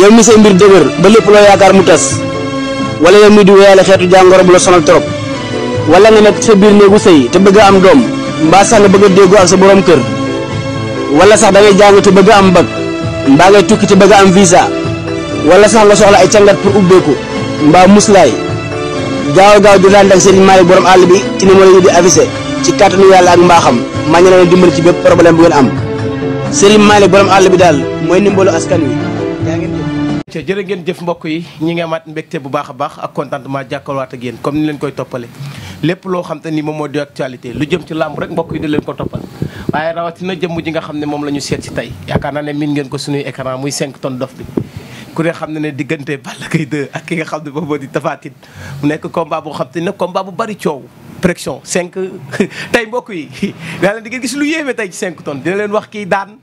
yow mi sey mbir deuguer ba lepp lo yaakar mu tass wala yow mi di wéyale xeetu jangoro bu la sonal torop wala nga nek sa bir neegu sey te bëgg am dom mba sax nga bëgg ak sa borom kër wala sax da ngay te bëgg am mba ngay tukki te bëgg am visa wala sax nga soxla ay cangat pour ubbeeku mba muslay gaaw gaaw jotaan ak sëriñ Maalik borom all bi ci ni mo la di avisé ci katanu yalla ak mbaxam ma ñu lay dimbal ci bëpp problème bu ngeen am sëriñ Maalik borom àll bi daal mooy askan wi ngeen ca jërë ngeen jëf mbokk yi ñi ngi amaat mbégte bu baax a baax ak contentement jàkkaarwaat ak yéen comme ni leen koy toppale lépp loo xam te ni moom moo di actualité lu jëm ci làmb rek mbokk yi di leen ko toppal waaye rawatina jëmm ji nga xam ne moom la ñu seet si naa ne miin ngeen ko suñuy écran muy 5 tonnes dof bi ku ne xam ne ne diggante Balla Gaye 2 ak ki nga xam ne boobu di Tapha Tine mu nekk combat boo xam te mbokk yi daa leen di ngeen gis lu yéeme tey ci 5 tonnes dina leen wax kii daan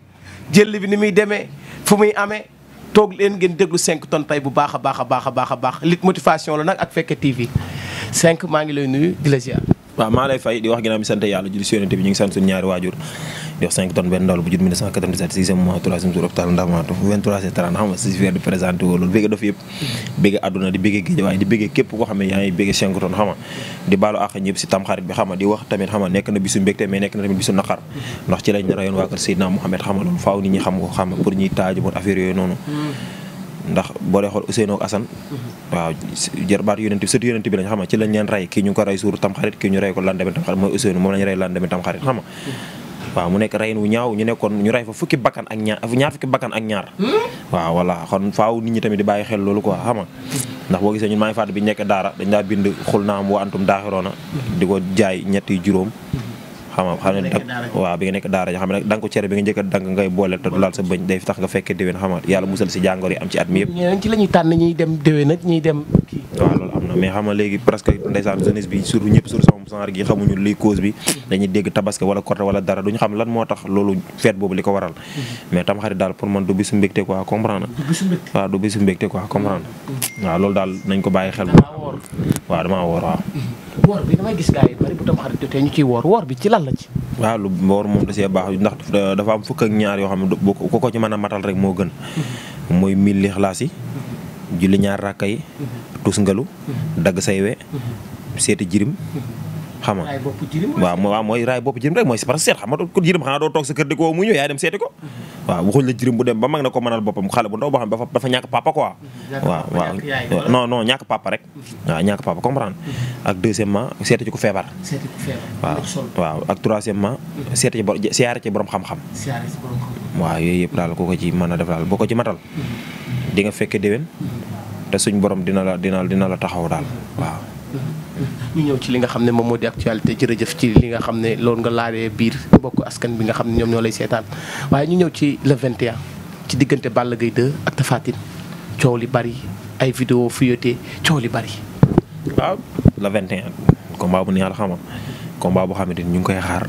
jël bi ni muy demee fu muy amee toog leen ngeen déglu 5 tonnes tey bu baax a baax a baax a baax a baax lit motivation la nag ak Fekke TV cinq maa ngi lay nuyu di la ziar. waaw maa lay fay di wax ginnaaw bi sant yàlla julli si yonente bi ñu ngi sant suñu ñaari waajur di wax 5 benn ndaw bu jur 1997 sixième mois troisième jour hôpital Ndamatou 23 30 xam si fier di présenté woo loolu bëgg dafa yëpp bëgg àdduna di bëgg géej waaye di bëgg képp koo xam ne yaa ngi bëgg 5 di baalu àq ñëpp si tamxarit bi xam di wax tamit xam nekk na bisu mbégte mais nekk na tamit bisu naqar ndax ci lañ rayoon waa ko xam ndax boo dee xool Ousseynou ak Assane mhm. waaw jarbaat yonent bi sëtu yonent bi lañ xam nga ci lañ leen rey kii ñu ngi ko rey suur tamxarit kii ñu rey ko lan demee tamxarit mooy mhm. waaw mu nekk reyin wu ñaaw ñu nekkoon ñu rey fa fukki bakkan ak ñaar ñaar fukki bakkan ak ñaar hmm? waaw voilà kon faaw nit ñi tamit di bàyyi xel loolu ko xam hmm. ndax boo gisee ñun maa ngi bi ñu nekk daara dañ daa bind xul naam wa antum daaxiroona hmm. di ko jaay ñetti juróom xam nga xam ne waaw bi nga nekk daara ja xam ne da ko cere bi nga njëkk dang ngay boole du laal sa bëñ day tax nga fekkee déwén xam yàlla musal si jàngoor yi am ci at mi yëpp ñeneen ci la tànn ñuy dem déwén ñuy dem kii mais xam nga léegi presque ndeysaan jeunesse bi surtout ñëpp surtout sama genre gi xamuñu luy cause bi dañuy dégg tabaski wala korte wala dara duñu xam lan moo tax loolu fête boobu li ko waral mm-hmm. mais tam xarit daal pour man du bisu mbégte quoi comprendre waaw du bisu mbégte quoi comprendre mm-hmm. waaw loolu daal nañ ko bàyyi xel bu waaw damaa woor waaw mm-hmm. woor bi damay gis gars yi bari bu tam xarit jotee ñu ciy woor woor bi ci lan la ci waaw lu woor moom da see baax ndax dafa am fukk ak ñaar yoo xam ne ko ko ci mën a matal rek moo gën mooy mille lixlaas yi julli ñaar rakay tous mhm. tus ngalu mhm. say we mhm. séti jirim xama wa mo wa moy ray bop jirim rek moy si parce que seet ko jirim xana do tok sa kër di ko mu ñu yaay dem séti ko wa waxuñ la jirim bu dem ba mag na ko manal bopam xale bu ndaw boo xam ba fa ñak papa quoi wa wa non non ñak papa rek wa ñak papa comprendre ak deuxièmement séti ci ku feebar waaw wa ak troisièmement séti ci siar ci borom xam-xam xam wa yoy daal dal. ko ci mëna def ko ci matal di nga fekke déwén te suñ borom dina la dina dina la taxaw daal waaw. ñu ñëw ci li nga xam ne moom moo di actualité jëf ci li nga xam ne lool nga laalee biir bokk askan bi nga xam ne ñoom ñoo lay seetaan waaye ñu ñëw ci le 21 ci diggante Balla Gaye 2 ak Tapha coow li bari ay vidéo fuité coow li bari. waaw le 21 combat bu neex la xamal combat boo xamante ni ñu ngi koy xaar.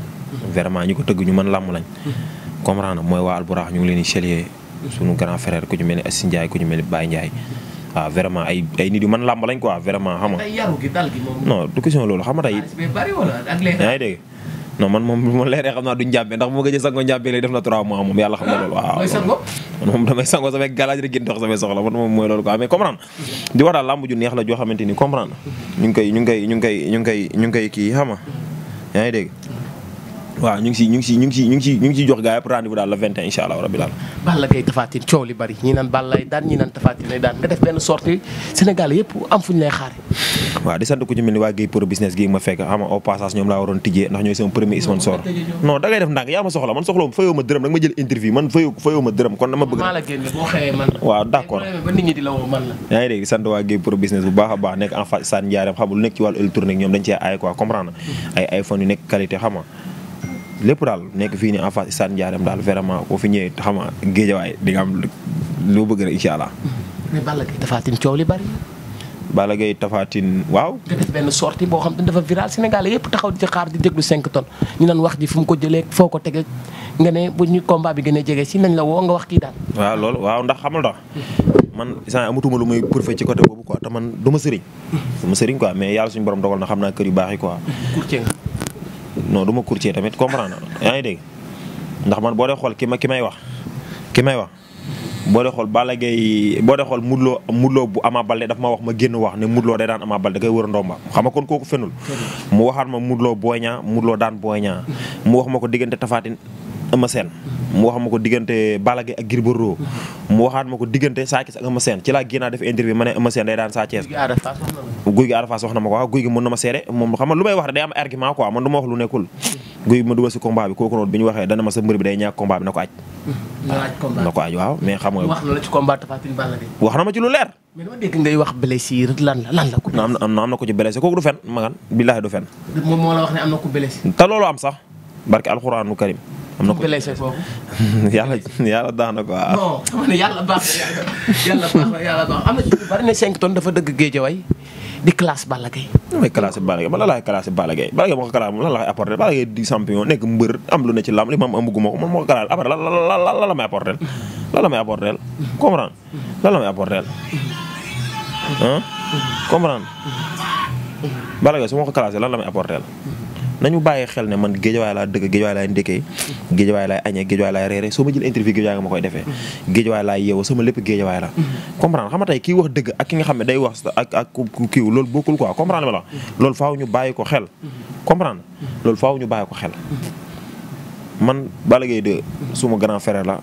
vraiment ñu ko tëgg ñu mën làmm lañ. Mm-hmm. comprendre mooy waa Alburax ñu ngi leen di sunu grand frère ku ci mel ni Assi Ndiaye ku ci mel ni Baye Ndiaye waaw ah, vraiment ay ay nit yu mën làmb lañ quoi vraiment xam nga. ay loolu xam nga tey. Ah, yaa ngi dégg. non man moom ma leeree xam naa du njàmbe ndax moo gëj a sango njàmbe lay def na 3 moom yàlla xam na loolu waaw man moom damay sango samay galaaj rek gën dox samay soxla man moom mooy loolu quoi mais comprendre di wax daal ju neex la joo xamante ni comprendre ñu ngi koy ñu ngi koy ñu ngi ñu ngi koy ñu ngi koy kii xama yaa ngi dégg waaw ñu ngi si ñu ngi si ñu ngi si ñu ngi si ñu ngi siy jox gaa yëpp rendez-vous daal la 21 incha allah rabi daal. Balla Gaye Tapha Tine coow li bari ñi naan Balla lay daan ñi naan Tapha Tine lay daan nga def benn sortie Sénégal yëpp am fu ñu lay xaar. waaw di sant ku ci mel ni waa Guèye Pro Business gi ma fekk xam nga au passage ñoom laa waroon tijjee ndax ñooy sama premier sponsor. non da ngay def ndànk yaa ma soxla man soxla fayoo ma dërëm da nga ma jël interview man fayoo fayoo ma dërëm kon dama bëgg. maa la génne boo xëyee man la. waaw d'accord ba nit ñi di la woo man la. yaa ngi dégg sant waa Guèye Pro Business bu baax a baax nekk en face Sane Ndiarème xam nga lu nekk ci wàllu électronique ñoom dañ cee ay quoi comprendre mm-hmm. ay iPhone yu nekk qualité xam nga lépp daal nekk fii nii en face stade Ndiarème daal vraiment boo fi ñëwee xam nga géejawaay di nga am loo bëgg rek incha allah. mais Balla Gaye Tapha Tine coow li bari. Balla Gaye Tapha Tine waaw. nga def benn sortie boo xam ne dafa viral Sénégal yëpp taxaw di xaar di déglu 5 tonnes ñu naan wax ji fu mu ko jëlee foo ko tege nga ne bu ñu combat bi gën a jege si nañ la woo nga wax kii daal. waaw loolu waaw ndax xamul tax man saa amatuma lu muy prouvé ci côté boobu quoi te man du ma sëriñ. Mm. du ma sëriñ quoi mais yàlla suñu borom dogal na xam naa kër yu baax yi quoi. courtier nga. non duma ma courtier tamit comprendre yaa ngi dég ndax man boo dee xool ki ma ki may wax ki may wax boo dee xool Balla Gaye boo dee xool Modou Lo Modou Lo bu Ama Baldé daf ma wax ma génn wax ne Modou de day daan Ama Baldé kay koy wër ndomba xam nga kon kooku fenul mu waxaat ma Modou Lo Boy Niang Modou daan Boy Niang mu wax ma ko diggante Tapha Tine Eumeu Sène mu wax ma ko diggante Balla Gaye ak Gris mu waxaat ma ko diggante Sa ak Eumeu Sène ci laa génnaa def interview ma ne Eumeu Sène day daan Sa Thiès guy gi Ada Fass wax na ma ko waaw guy gi mën na ma seere moom xam may wax day am argument quoi man na mm-hmm. xam nga wax wax na ma ci lu leer mais wax blessure la lan la ko am na am na ko ci blessé kooku du fen magan billaahi du fen moom loolu am sax barke alxuraanu karim am na ko yàlla na quoi. non xam yàlla baax yàlla baax na yàlla na ci bari na 5 tonnes dafa dëgg géejawaay di classe Balla Gaye. nu may classé laay classé Balla Gaye Balla Gaye moo la koy apporté Balla di champion nekk mbër am lu ne ci lamb li ma am amuguma ko man moo ko classé après lan lan la may apporté lan la may la may apporté ah comprendre Balla Gaye su ma ko classé lan la may nañu bàyyi xel ne man géejawaay laa dëkk géejawaay laay ndékkee géejawaay laay añee géejawaay laay reere soo ma jël interview géejawaay nga ma koy defee géejawaay laay yeewoo sama lépp géejawaay la comprendre xam nga tey kii wax dëgg ak ki nga xam ne day wax ak ak kiiw loolu bokkul quoi comprendre ma la loolu faaw ñu bàyyi ko xel comprendre loolu faaw ñu bàyyi ko xel man Balla Gaye 2 suma grand frère la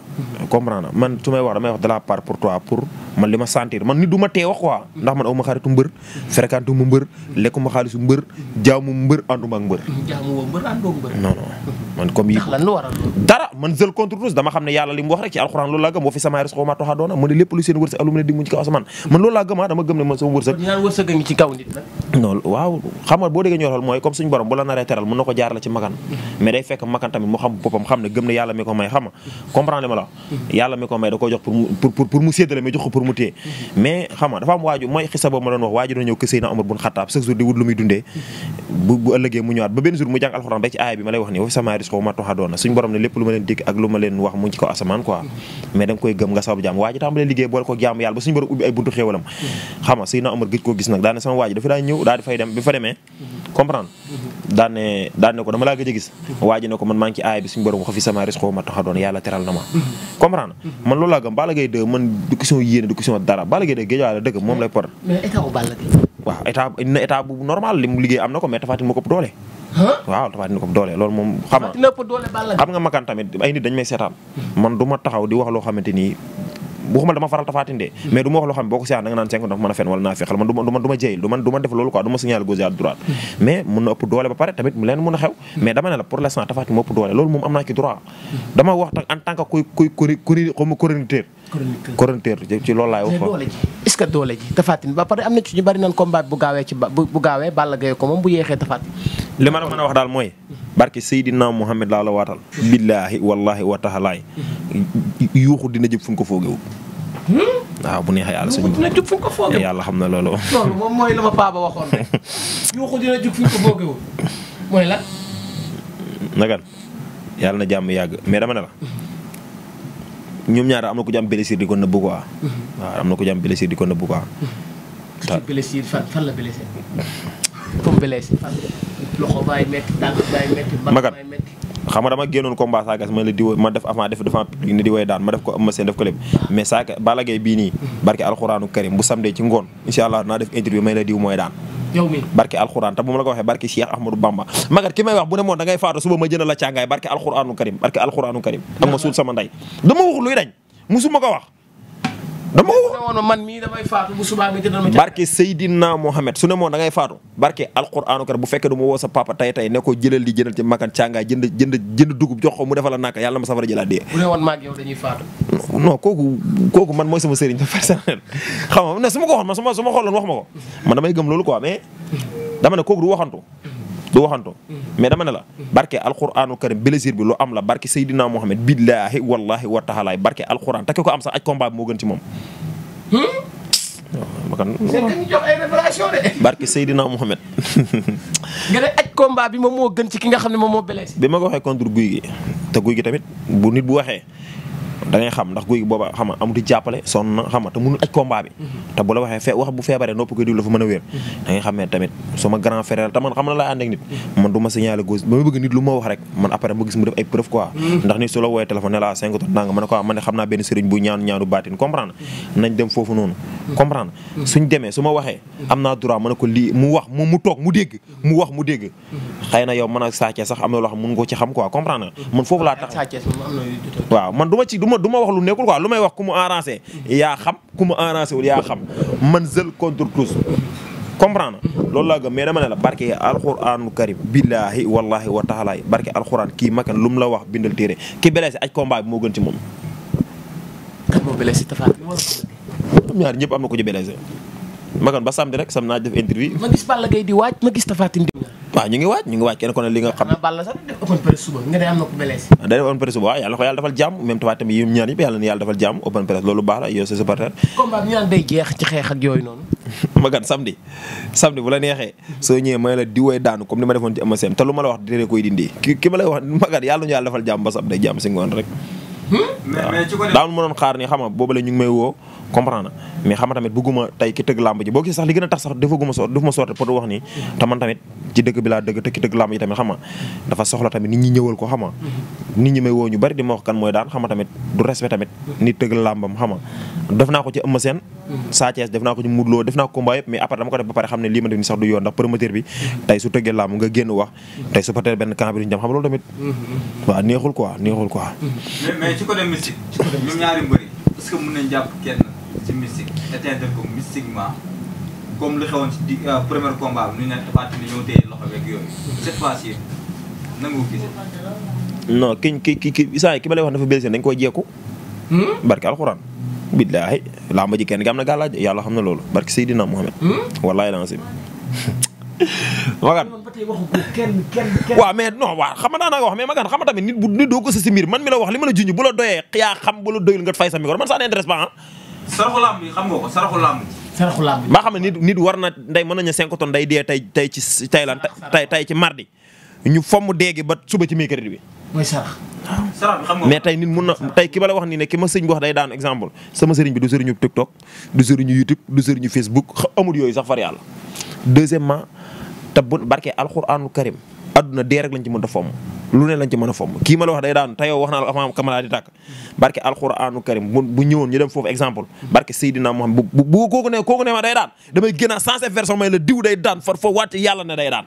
comprendre man su may wax damay wax de la part pour toi pour man li ma sentir man nit du ma tee wax quoi ndax man aw ma xaritu mbër fréquentu ma mbër lekkuma xaalisu mbër jaamu mbër ànduma ak mbër non non man comme yi dara man zël contre tous dama xam ne yàlla li mu wax rek ci alxuraan loolu laa gëm wa fi sama risque ma toxa doona mu lépp lu seen wërsëg alu ne di mu ci kaw asamaan man loolu laa gëm ah, dama waaw xam boo déggee ñu mooy comme suñu borom bu la naree teral mën na ko jaarale ci makan mais day fekk makan tamit mu xam boppam xam ne gëm ne yàlla mi ko may xam nga comprendre mu pour alxuraan ba ci aaya wa ubbi ay buntu xéewalam xam nga na Omar gëj koo gis nag daane sama waaji dafa daa ñëw daal di fay dem bi fa demee comprendre daan ne daan ne ko dama laa gëj a gis waa ji ne ko man maa ngi ci aay bi suñu borom wax fi sama risque ma taxa doon yàlla teral na ma comprendre man loolu laa gëm Balla Gaye 2 man du question yéene du question dara Balla nga xam nga makaan man du ma taxaw di wax loo xamante waxuma dama faral Tapha de mais du wax loo xam boo ko seetaan da naan cinq dafa mën a fen wala naa feexal man du ma du ma def loolu quoi du ma signal gauche à droite mais mun na ëpp doole ba pare tamit mu leen mën a xew mais dama ne la pour l'instant Tapha Tine moo ëpp doole loolu moom am naa ci droit dama wax tak am na ci ñu bari naan combat bu bu gaawee Balla Gaye ko bu yéexee Tapha li ma la mën a wax daal mooy barke Seydina Muhammad laa la waatal. billaahi wallaahi wa taalaay. yuuxu dina jëm fu ñu ko foogewul. waaw bu neexee yàlla suñu. jub fu ñu ko foogewul yàlla xam na loolu. yàlla na jàmm yàgg mais dama ne la. ñoom ñaar am na ku ci am di ko nëbbu quoi. waaw am na ku ci am di ko nëbbu quoi. fan loxo baay dama génnoon combat Sa Thiès ma la di ma def avant def devant public ma def ko am mais Sa Thiès Balla Gaye bii nii. barke alxuraanu karim bu samedi ci ngoon incha allah naa def interview may la diw mooy daan. yow mi barke alxuraan bu ma la waxee barke Cheikh Ahmadou Bamba magat ki may wax bu ne moom da ngay faatu suba ma jëndal la càngaay barke alxuraanu karim barke alxuraanu karim. ak ma suul sama nday dama waxul luy dañ musuma ko wax dama woo man mii damay faatu bu subaa nga jëndal ma barke Seydina Mohamed su ne moom da ngay faatu barke alquraanu kar bu fekkee du ma woo sa papa tay tay ne ko jëlal li jëndal ci makan càngaay jënd jënd jënd dugub jox ko mu defal la naka yàlla ma safara jëlaat dee bu ne woon maag yow dañuy faatu non kooku kooku man mooy sama sëriñ personnel xam nga ne su ma ko waxoon man su ma su loolu wax ma ko man damay gëm loolu quoi mais dama ne kooku du waxantu du waxantu mais dama ne la barke alquranu karim blessure bi lu am la barke Seydina Mohamed billaahi wallahi wa taalaay barke alquran takki ko am sax aj combat bi moo gën ci moom hmm? barke Seydina Mohamed nga ne aj combat bi moom moo gën ci ki nga xam ne moom moo blessé bi ma ko waxee contre guy gi tamit nit bu waxee da ngay xam ndax guuy gi booba xam nga amu di jàppale na xam ta te acc combat bi mhm. ta bu la waxee fe wax bu feebaree nopp koy diw la fa mën wër mhm. da ngay xamé tamit suma grand frère ta man xam na la and ak nit mhm. man duma signaler signalé gauche ba ma bëgg nit lu ma wax rek man après ma gis mu def ay preuve quoi ndax ni solo woy téléphone la 5 tonnes nanga man ko ah, man xam na ben serigne bu ñaan ñaanu batine comprendre nañ dem fofu non comprendre suñu démé suma waxé amna droit man ko li mu wax mu mu tok mu dégg mu wax mu dégg xëy yow man ak saacee sax amna lo xam mu nga ko ci xam quoi comprendre man fofu la tax amna waaw man duma ma ci ma du ma wax lu nekkul quoi lu may wax ku mu arrangé yaa xam ku mu arrangé wul yaa xam man zël contre tous comprendre loolu laa gëm mais dama ne la barke alxuraanu karim billaahi wallaahi wa taalaay barke alxuraan kii makan lu la wax bindal téere ki blessé aj combat bi moo gën ci moom. kan moo ñaar ñëpp am na ko ci blessé ma kon ba samedi rek sam naa def interview. ma gis Balla gay di wacc ma gis ta Tine di waaw nah, ñu ngi wacc ñu ngi wacc kenn ko ne li nga xam Balla sax def open press suba nga day am na ko blessé da def open press suba waaw yàlla ko yalla defal jàmm même Tapha Tine yi ñaan yi yalla ni yalla defal jàmm open press lolu baax la yo sa supporter combat ñaan day jeex ci xex ak yoy non ma gan samedi samedi bu la nexé ya, so ñëwee may la di woy daanu comme ni ma defon ci Eumeu Sène te lu la wax diree koy dindi ki ma lay wax ma gan yalla ñu yalla defal jàmm ba samedi jàmm si ngoon rek waaw hmm? daawul ma doon xaar ni xam nga boobu la ñu ngi may woo comprendre mais xam tamit bëgguma tey ki tëgg làmb ji boo gisee sax li gën a tax sax defaguma so defuma sorte pour wax ni te man tamit ci dëkk bi laa dëgg te ki tëgg làmb ji tamit xam dafa soxla tamit nit ñi ñëwal ko xam nga nit ñi may woo ñu bari di ma wax kan mooy daan xam nga tamit du respect tamit nit tëgg làmbam xam def naa ko ci ëmb seen Sa Thiès def naa ko ñu mudloo def naa ko combat yëpp mais après dama ko def ba pare xam ne lii ma def ni sax du yoon ndax promoteur bi tey su tëggee lam nga génn wax tey su patee benn camp bi duñu jam xam loolu tamit waaw neexul quoi neexul quoi mais ci côté mystique ñoom ñaari mbër yi que mën nañ jàpp kenn ci mystique atteindre ko mystiquement comme li xewoon ci di euh, premier combat bi ñu ne dafa ni ñëw téye loxo beeg yooyu cette fois ci nan nga ko gisee hmm? non ki ki ki ki ki ma lay wax dafa blessé dañ koy jeeku hmm? barke alxuraan billahi lamba ji ken gam am na gàllaaj yàlla xam na loolu barke Seydina Mohamed. wallaahi lancé. wa me no wa waaw xam nga wax me magan xam nga tamit nit bu nit do ko sa simir man mi la wax li ma bu la doye xiya xam bu la doyul nga fay sa micro man ça interest ba ah. saraxu làmb yi xam nga saraxu làmb saraxu làmb ba xam nit nit warna nday ndey 5 ton nday de tay tay ci thailand tay tay ci mardi ñu fomu degi ba suba ci mercredi bi. moy sarax mais tey nit mun na tey ki ma la wax nii ne ki ma sëñ wax day daanu exemple sama sëriñ bi du sëriñu TikTok du sëriñu YouTube du sëriñu Facebook amul yooyu sax far yàlla deuxièmement a fomm lu ma la wax barke alxuraanul karim bu ñëwoon ñu dem foofu exemple barke Seydina Muhammad bu bu kooku ne ma day daan damay gën a sensé version may la diw day daan far foofu wàcc yàlla ne day daan.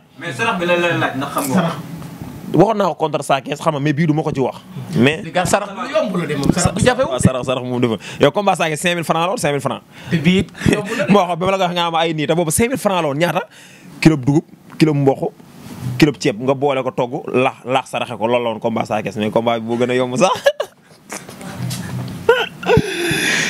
waxoon naa ko contre saa kees xam nga mais bii du ma ko ci wax. mais li gàtt ah, sarax sarax moom dafa yow combat saa kees 5000F la woon 5000F. te bii moo xam ba ma la nga xam ay nii te boobu 5000F la woon ñaata kilo dugub kilo mboq. kilo ceeb nga boole ko togg lax lax saraxe ko loolu la woon combat saa kees mais combat bi boo a yomb sax.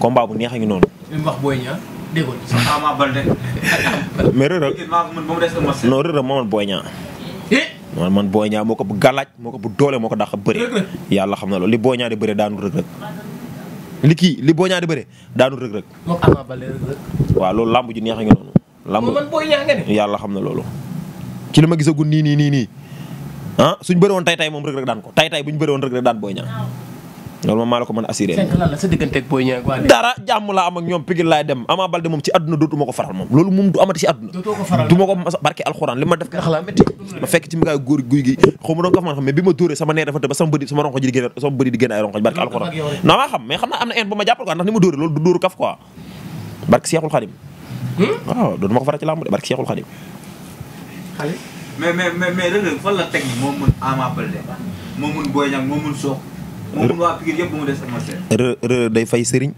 combat bu neex ngi noonu. li wax Boy Niang déggoo. Ama ah, Baldé. mais Reug Reug. non Reug Reug moo man Boy Niang. Eh? man man Boy Niang moo bu galaj moko bu dole moko dakh beure yalla xamna lo li Boy Niang di beure daanu Reug Reug. li ki li Boy Niang di beure daanu Reug Reug. moko Ama Baldé Reug Reug. waaw loolu làmb ju neex a ngi noonu. làmb man Boy Niang nga ne. yalla xamna na loolu. ci li ma ni ni ni nii nii ah suñ bëri tay tay mom Reug Reug daan ko tay tay buñu beure won Reug Reug daan Boy Niang loolu ma maa la ko mën assuré. fekk la sa digganteeg booy ñëw ak dara jàmm laa am ñoom pigil laay dem Ama Baldé moom ci àdduna dootuma ko faral moom loolu moom du amati ci àdduna. dootoo ko faral du ma ko barke alxuraan ma def ndax laa métti. ma fekk ci mbéyum ma doon ko fa ma dóoree sama tëb sama bëri di génn sama bëri di génn ay alxuraan. non maa xam mais xam naa am na en bu ma jàppal quoi ndax ni ma dóoree loolu du dóoru kaf quoi barke Seexul Xadim. Hmm? ko faral ci làmb moo mën waa Pikine yëpp bu mu des Eumeu Sène. Reug Reug day fay sëriñ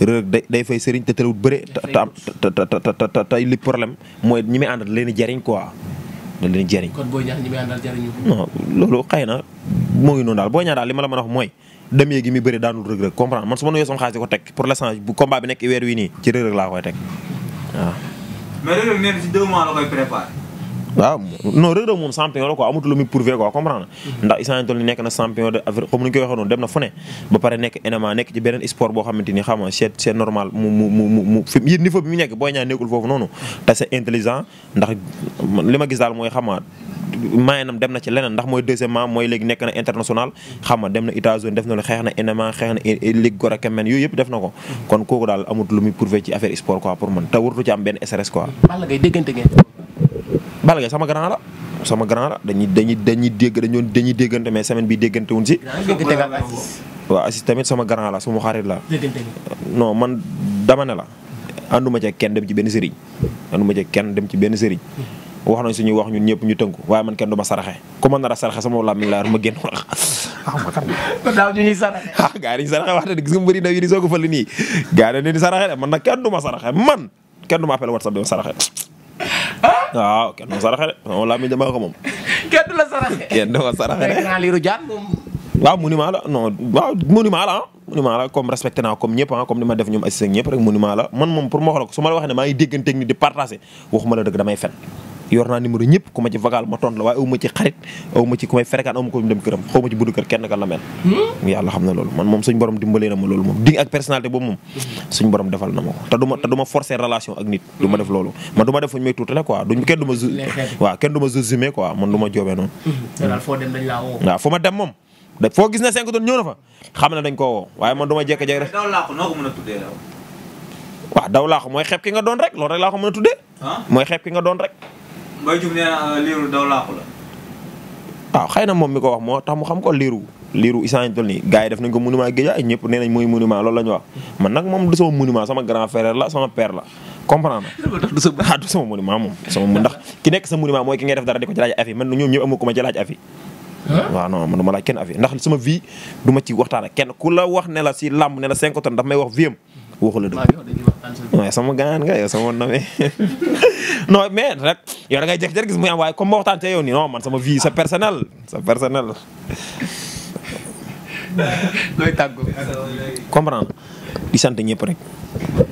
Reug day day fay sëriñ te terewul bëre. te te te te li problème mooy ñi muy àndal leen di jariñ quoi. da leen jariñ. kon booy ñaar ñi muy àndal jariñu. non loolu xëy na moo ngi noonu daal booy ñaar daal li ma la mën a wax mooy. demee gi mi bëri daanul Reug Reug comprendre man su ma nuyoo sama xaalis di ko teg pour l'instant bu combat bi nekk weer wi nii ci Reug Reug laa koy teg waaw. mais Reug Reug nee na ci deux mois la koy préparé. waaw non Reug Reug moom champion la quoi amatu lu mi prouver quoi comprendre ndax isaan toll ni nekk na champion de Afrique comme ni ñu ko waxee dem na fune ba pare nek enema nek ci beneen sport bo xamanteni xama c'est c'est normal mu mu mu mu fi yéen niveau bi nek nekk ñaan nekul fofu foofu noonu te c'est intelligent ndax lima gis dal moy xama nga mayenam dem na ci leneen ndax mooy deuxièmement moy legui nek na international xama dem na États-Unis def na lu xeex na MMA xeex na ligue gorakemen yooyu def nako kon koku dal amut lu mi prouver ci affaire sport quoi pour man ta wurtu ci am ben srs quoi Balla Gaye sama grand la sama grand la dañuy dañuy dañuy dégg dañu dañuy déggante mais semaine bi déggante wuñ ci wa assist tamit sama grand la sama xarit la. non man dama ne la. anduma ci kenn dem ci ben serigne anduma ci kenn dem ci ben serigne wax nañ suñu wax ñun ñepp ñu teunku waye man kenn duma saraxé ku ma nar saraxé sama làmmiñ milliard ma genn wax. ah ma daaw ñu ñuy saraxe. ah gars yi wax dëgg gis nga yi di soog a fële nii gars yi dañuy saraxe man nak kenn duma saraxé man kenn duma appel whatsapp dem saraxé waaw ah! ah, kenn du ma saraxe de moom laa mi damaa ko moom. kenn du la saraxe. kenn du ma saraxe de. waaw monument la non waaw monument la ah. monument la comme respecté na comme ñëpp comme ah, ni ma def ñoom assisté ñëpp rek monument la man mom pour mo xol ko suma ma la waxee ne ngi ni di partager waxuma la deug damay fet yor naa numéro ñëpp kuma ci vocal ma tonde la way awuma ci xarit awuma ci kumay may fréquent awuma ko dem kërëm xawma ci budu kër kenn ka la mel hmm? yàlla xam na loolu man mom suñ borom dimbalé na ma lool mom ding ak personnalité bo mom hmm. suñ borom defal na mako ta duma ta duma forcer relation ak nit duma def lool hmm. ma duma def fuñ may tuutale quoi duñ kenn duma wa kenn duma ma quoi man du ma joobee noonu waaw fu fuma dem mom da fo gis na 5 tonnes ñëw na fa xamna dañ ko woo waaye man duma jek jek rek. daw laaxu noo ko mën a tuddee daw. waaw daw laaxu mooy xeeb ki nga doon rek lool rek laa ko mën a moy xép ki nga doon rek. moy jum né liru liiru daw laaxu la. waaw xeyna mom mi ko wax mo tax mu xam ko liiru liru isaan tol nii gars def nañ ko monument Guédiawaye ñepp nenañ moy mooy monument loolu wax man nak mom du sama monument sama grand frère la sama père la comprendre sama ah, du sama monument mom sama ndax ki nek sama monument moy ki nga def dara di ko afi man ñoom ñepp amu ko ma ci afi waaw non man du ma laaj kenn avis ndax sama vie du ma ci waxtaan ak kenn ku la wax ne la si làmb ne la 5 tonnes daf may wax vie am waxu la waaye sama gaan nga yow sama namee non mais rek yow da ngay jékki-jékki gis muy am waaye comme ma waxtaan te yow nii sama vie sa personnel sa personnel. looy tàggu di sant ñëpp rek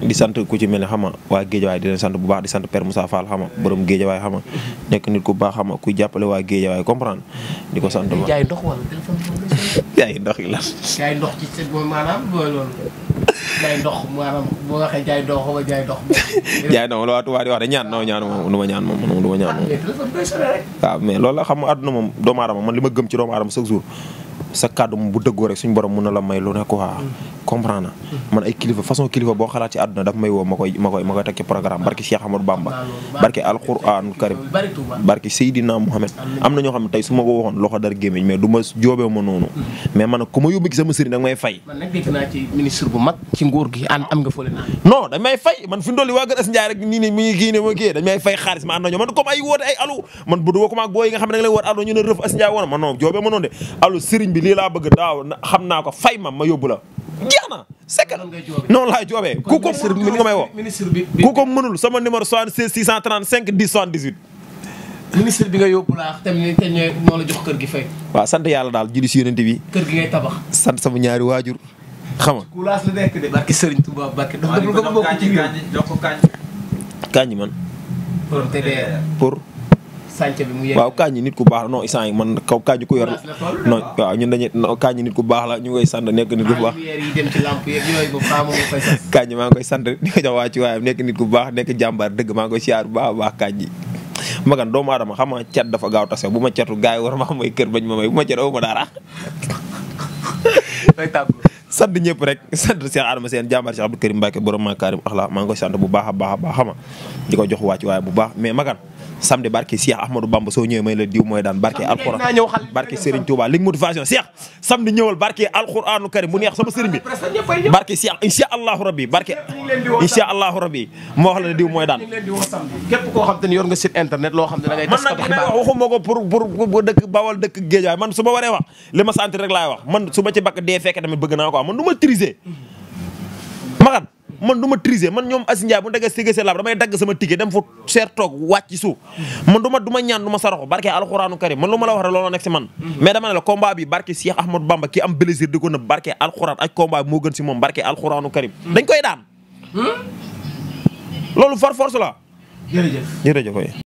di sant ku ci mel ni xama waa géejawaay di leen sant bu baax di sant Père sa Fall xama borom géejawaay xama nekk nit ku baax xama kuy jàppale waa géejawaay comprendre di ko sant ma jaay ndox wala ndox yi lan jaay ndox ndox maanaam boo waxee jaay ndox wala jaay ndox waa di wax de ñaan na ñaan moom du ñaan moom moom ñaan moom waaw ah, ah, mais loolu la xam nga àdduna moom doomu aadama man li ma gëm ci doomu aadama chaque jour sa kàddu bu dëggoo rek suñu borom mun na la may lu ne quoi. comprendre na mm-hmm. man ay kilifa façon kilifa boo xalaat ci àdduna daf may woo ma koy ma koy ma ci programme barki Cheikh Amadou Bamba barki alquranul karim barki Seydina na ñoo joobee ma noonu man comme ay woote ay alu man bu du ko maag boo yi nga xam ne nga lay woor alu ñu ne rëf As Njaay woon man joobee ma noonu de alu sëriñ bi bi lii laa bëgg daaw xam naa ko fay ma ma yóbbu la jeex na sekk noonu laay joobee ku ko mënul nga may woo ku ko mënul sama numéro 76 635 10 78 ministre bi nga yóbbu laax tamit te ñoo la jox kër gi fay waaw sant yàlla daal julli si yonente bi kër gi ngay tabax sant sama ñaari waajur xam nga ku laas la nekk de barki Serigne Touba barki dox ko bokk ci kànji man pour sànce bi mu yegg waaw kañ nit ku baax man kau kañ ku yor non waaw ñun dañuy kañ nit la ñu ngi koy sant nekk nit ku baax kañ di ko jox waa ci waayam nekk nit ku baax nekk jàmbaar dëgg maa ngi koy siyaar bu baax a baax magan doomu aadama xam nga dafa gaaw tase bu ma catu gars yi war ma may kër bañ ma may bu ma cat aw ma dara sant rek sant Cheikh Adama Sène jàmbaar Cheikh Abdou Karim Mbacke borom Makaarim Axlaq maa bu baax a di jox wàcc waaye bu baax mais magan samedi barke Cheikh Ahmadou Bamba soo ñëwee may la diw mooy daan barke alxuraan barke Serigne Touba li nga motivation Cheikh samedi ñëwal barke alxuraanu karim bu neex sama sëriñ bi barke Cheikh incha allahu rabbi barke incha allahu rabbi moo wax la diw mooy daan. képp koo nga site internet loo xam ne da ngay man nag xibaar waxuma ko pour pour dëkk bawal man su ma waree wax li ma sant rek laay wax man su ma ci bakk dee fekk tamit bëgg naa ko man du ma triser man du ma triser man ñoom Aziz Ndiaye bu daggee si gëstu laa damay dagg sama ticket dem fu seer toog wàcc ci ma du ma ñaan du ma saraxu barke alxuraanu karim man lu ma la wax rek looloo nekk si man. mais dama ne la combat bi barke Cheikh Ahmadou Bamba ki am plaisir di ko nëb barke alxuraan ak combat bi moo gën si moom barke alxuraanu karim. dañ koy daan. Hmm? loolu far force la. jërëjëf